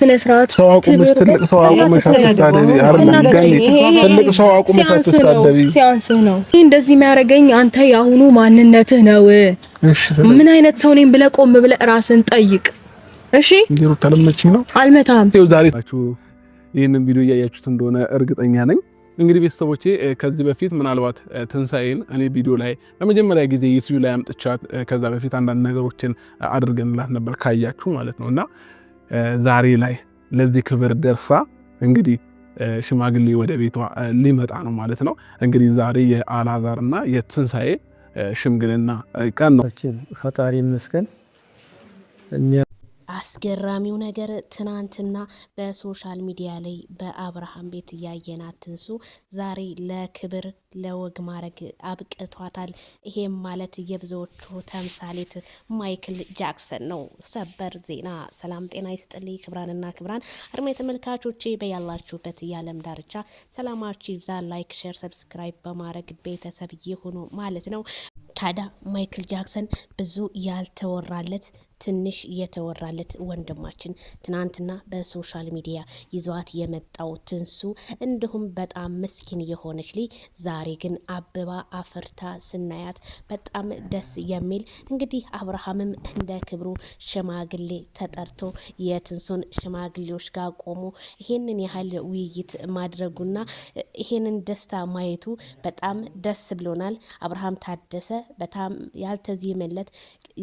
ስነ ስርዓት ሰው አቁመሽ ትልቅ ሰው አቁመሽ አትሳደቢ። ትልቅ ሰው አቁመሽ አትሳደቢ። ሲያንስህ ነው ይሄ እንደዚህ የሚያደርገኝ አንተ የአሁኑ ማንነትህ ነው። ምን አይነት ሰው ነኝ ብለህ ቆም ብለህ ራስን ጠይቅ። እሺ ዲሩ ተለመችኝ ነው አልመታም። ዛሬ ይህንን ቪዲዮ እያያችሁት እንደሆነ እርግጠኛ ነኝ። እንግዲህ ቤተሰቦቼ ከዚህ በፊት ምናልባት ትንሳኤን እኔ ቪዲዮ ላይ ለመጀመሪያ ጊዜ ዩቲዩብ ላይ አምጥቻት ከዛ በፊት አንዳንድ ነገሮችን አድርገንላት ነበር ካያችሁ ማለት ነው እና ዛሬ ላይ ለዚህ ክብር ደርሳ እንግዲህ ሽማግሌ ወደ ቤቷ ሊመጣ ነው ማለት ነው። እንግዲህ ዛሬ የአልዓዛርና የትንሣኤ ሽምግልና ቀን ነው። ፈጣሪ ይመስገን። አስገራሚው ነገር ትናንትና በሶሻል ሚዲያ ላይ በአብርሃም ቤት እያየናት ትንሱ ዛሬ ለክብር ለወግ ማድረግ አብቅቷታል። ይሄም ማለት የብዙዎቹ ተምሳሌት ማይክል ጃክሰን ነው። ሰበር ዜና። ሰላም ጤና ይስጥልኝ ክብራንና ክብራን አድማ የተመልካቾቼ በያላችሁበት የዓለም ዳርቻ ሰላማችሁ ይብዛ። ላይክ፣ ሼር፣ ሰብስክራይብ በማድረግ ቤተሰብ ይሁኑ ማለት ነው። ታዲያ ማይክል ጃክሰን ብዙ ያልተወራለት ትንሽ የተወራለት ወንድማችን ትናንትና በሶሻል ሚዲያ ይዟት የመጣው ትንሱ እንዲሁም በጣም ምስኪን የሆነች ልጅ ዛሬ ግን አብባ አፍርታ ስናያት በጣም ደስ የሚል እንግዲህ አብርሃምም እንደ ክብሩ ሽማግሌ ተጠርቶ የትንሱን ሽማግሌዎች ጋር ቆሞ ይሄንን ያህል ውይይት ማድረጉና ይሄንን ደስታ ማየቱ በጣም ደስ ብሎናል። አብርሃም ታደሰ በጣም ያልተዜመለት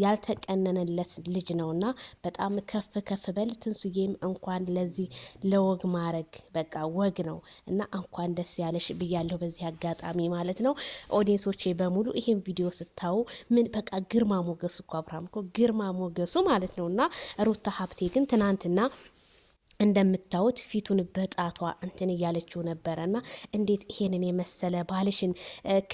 ያልተቀነነለት ልጅ እና በጣም ከፍ ከፍ በል ትንሱዬም እንኳን ለዚህ ለወግ ማድረግ በቃ ወግ ነው እና እንኳን ደስ ያለሽ ብያለሁ በዚህ አጋጣሚ ማለት ነው። ኦዲየንሶቼ በሙሉ ይሄን ቪዲዮ ስታዩ ምን በቃ ግርማ ሞገሱ እኮ አብርሃም እኮ ግርማ ሞገሱ ማለት ነው እና ሩታ ሀብቴ ግን ትናንትና እንደምታዩት ፊቱን በጣቷ እንትን እያለችው ነበረ እና እንዴት ይሄንን የመሰለ ባልሽን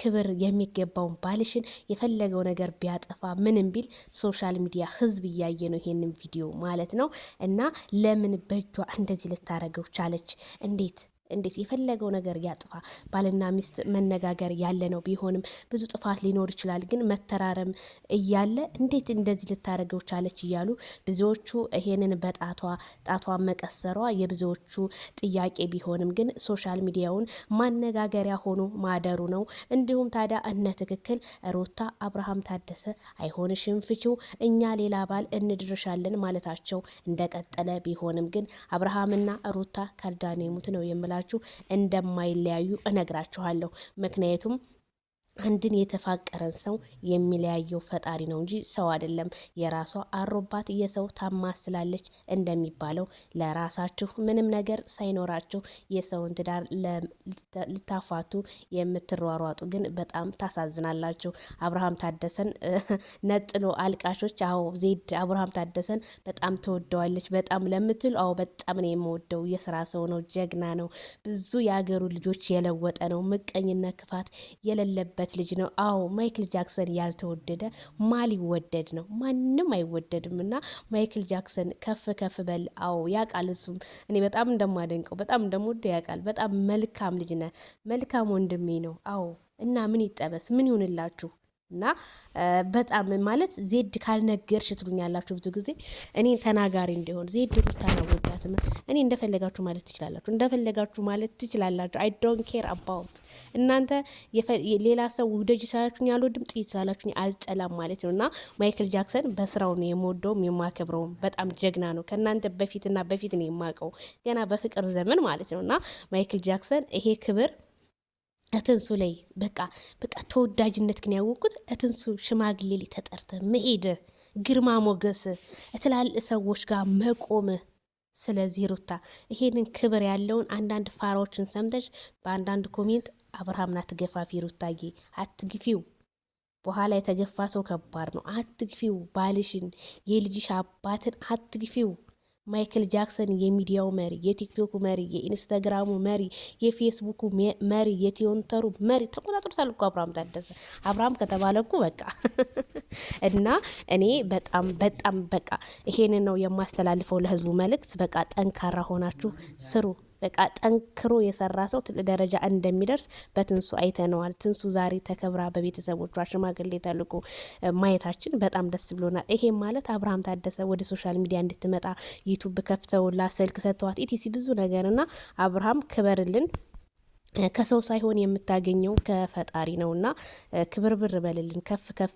ክብር የሚገባውን ባልሽን የፈለገው ነገር ቢያጠፋ ምንም ቢል ሶሻል ሚዲያ ህዝብ እያየ ነው ይሄንን ቪዲዮ ማለት ነው። እና ለምን በእጇ እንደዚህ ልታረገው ቻለች? እንዴት እንዴት የፈለገው ነገር ያጥፋ፣ ባልና ሚስት መነጋገር ያለ ነው። ቢሆንም ብዙ ጥፋት ሊኖር ይችላል። ግን መተራረም እያለ እንዴት እንደዚህ ልታደርገው ቻለች እያሉ ብዙዎቹ ይሄንን በጣቷ ጣቷ መቀሰሯ የብዙዎቹ ጥያቄ ቢሆንም ግን ሶሻል ሚዲያውን ማነጋገሪያ ሆኖ ማደሩ ነው። እንዲሁም ታዲያ እነ ትክክል ሩታ አብርሃም ታደሰ አይሆንሽም፣ ፍቺው እኛ ሌላ ባል እንድርሻለን ማለታቸው እንደቀጠለ ቢሆንም ግን አብርሃምና ሩታ ካልዳኔሙት ነው የምላቸው። ካላችሁ እንደማይለያዩ እነግራችኋለሁ። ምክንያቱም አንድን የተፋቀረን ሰው የሚለያየው ፈጣሪ ነው እንጂ ሰው አይደለም። የራሷ አሮባት የሰው ታማ ስላለች እንደሚባለው ለራሳችሁ ምንም ነገር ሳይኖራችሁ የሰውን ትዳር ልታፋቱ የምትሯሯጡ ግን በጣም ታሳዝናላችሁ። አብርሃም ታደሰን ነጥሎ አልቃሾች። አዎ ዜድ አብርሃም ታደሰን በጣም ተወደዋለች በጣም ለምትል አዎ በጣም ነው የምወደው። የስራ ሰው ነው፣ ጀግና ነው፣ ብዙ የአገሩ ልጆች የለወጠ ነው። ምቀኝነት፣ ክፋት የሌለበት ያለበት ልጅ ነው። አዎ ማይክል ጃክሰን ያልተወደደ ማ ሊወደድ ነው? ማንም አይወደድም። እና ማይክል ጃክሰን ከፍ ከፍ በል። አዎ ያውቃል፣ እሱም እኔ በጣም እንደማደንቀው በጣም እንደምወደ ያውቃል። በጣም መልካም ልጅ ነህ፣ መልካም ወንድሜ ነው። አዎ እና ምን ይጠበስ? ምን ይሁንላችሁ? እና በጣም ማለት ዜድ ካልነገርሽ ትሉኛላችሁ ብዙ ጊዜ እኔ ተናጋሪ እንዲሆን ዜድ ነው ወዳትም እኔ እንደፈለጋችሁ ማለት ትችላላችሁ፣ እንደፈለጋችሁ ማለት ትችላላችሁ። አይ ዶንት ኬር አባውት እናንተ ሌላ ሰው ውደጅ ስላላችሁኝ አልወድም፣ ጥይ ስላላችሁኝ አልጠላም ማለት ነው። እና ማይክል ጃክሰን በስራው ነው የምወደውም የማከብረውም። በጣም ጀግና ነው። ከእናንተ በፊትና በፊት ነው የማውቀው ገና በፍቅር ዘመን ማለት ነው። እና ማይክል ጃክሰን ይሄ ክብር እትንሱ ላይ በቃ በቃ ተወዳጅነት ግን ያወቁት እትንሱ ሽማግሌ ላይ ተጠርተ መሄድ፣ ግርማ ሞገስ፣ እትላል ሰዎች ጋር መቆም። ስለዚህ ሩታ ይሄንን ክብር ያለውን አንዳንድ ፋራዎችን ሰምተሽ በአንዳንድ ኮሜንት አብርሃምን አትገፋፊ ሩታዬ፣ አትግፊው። በኋላ የተገፋ ሰው ከባድ ነው። አትግፊው። ባልሽን የልጅሽ አባትን አትግፊው። ማይክል ጃክሰን የሚዲያው መሪ፣ የቲክቶኩ መሪ፣ የኢንስታግራሙ መሪ፣ የፌስቡኩ መሪ፣ የቲዮንተሩ መሪ ተቆጣጥሮታል እኮ አብርሃም ታደሰ። አብርሃም ከተባለ እኮ በቃ እና እኔ በጣም በጣም በቃ ይሄንን ነው የማስተላልፈው ለህዝቡ መልእክት። በቃ ጠንካራ ሆናችሁ ስሩ። በቃ ጠንክሮ የሰራ ሰው ትልቅ ደረጃ እንደሚደርስ በትንሱ አይተነዋል። ትንሱ ዛሬ ተከብራ በቤተሰቦቿ ሽማግሌ ተልኮ ማየታችን በጣም ደስ ብሎናል። ይሄም ማለት አብርሃም ታደሰ ወደ ሶሻል ሚዲያ እንድትመጣ ዩቱብ ከፍተውላ ስልክ ሰጥተዋት ኢቲሲ ብዙ ነገርና አብርሃም ክበርልን ከሰው ሳይሆን የምታገኘው ከፈጣሪ ነው እና ክብርብር በልልን፣ ከፍ ከፍ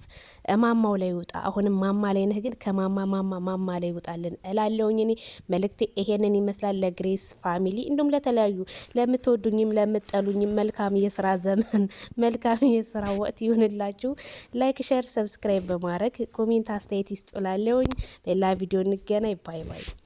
ማማው ላይ ውጣ። አሁንም ማማ ላይ ነህ፣ ግን ከማማ ማማ ማማ ላይ ውጣልን እላለውኝ። እኔ መልእክቴ ይሄንን ይመስላል። ለግሬስ ፋሚሊ እንዲሁም ለተለያዩ ለምትወዱኝም ለምጠሉኝም መልካም የስራ ዘመን መልካም የስራ ወቅት ይሁንላችሁ። ላይክ፣ ሸር፣ ሰብስክራይብ በማድረግ ኮሜንት አስተያየት ይስጡላለውኝ። ሌላ ቪዲዮ እንገናኝ። ባይ ባይ።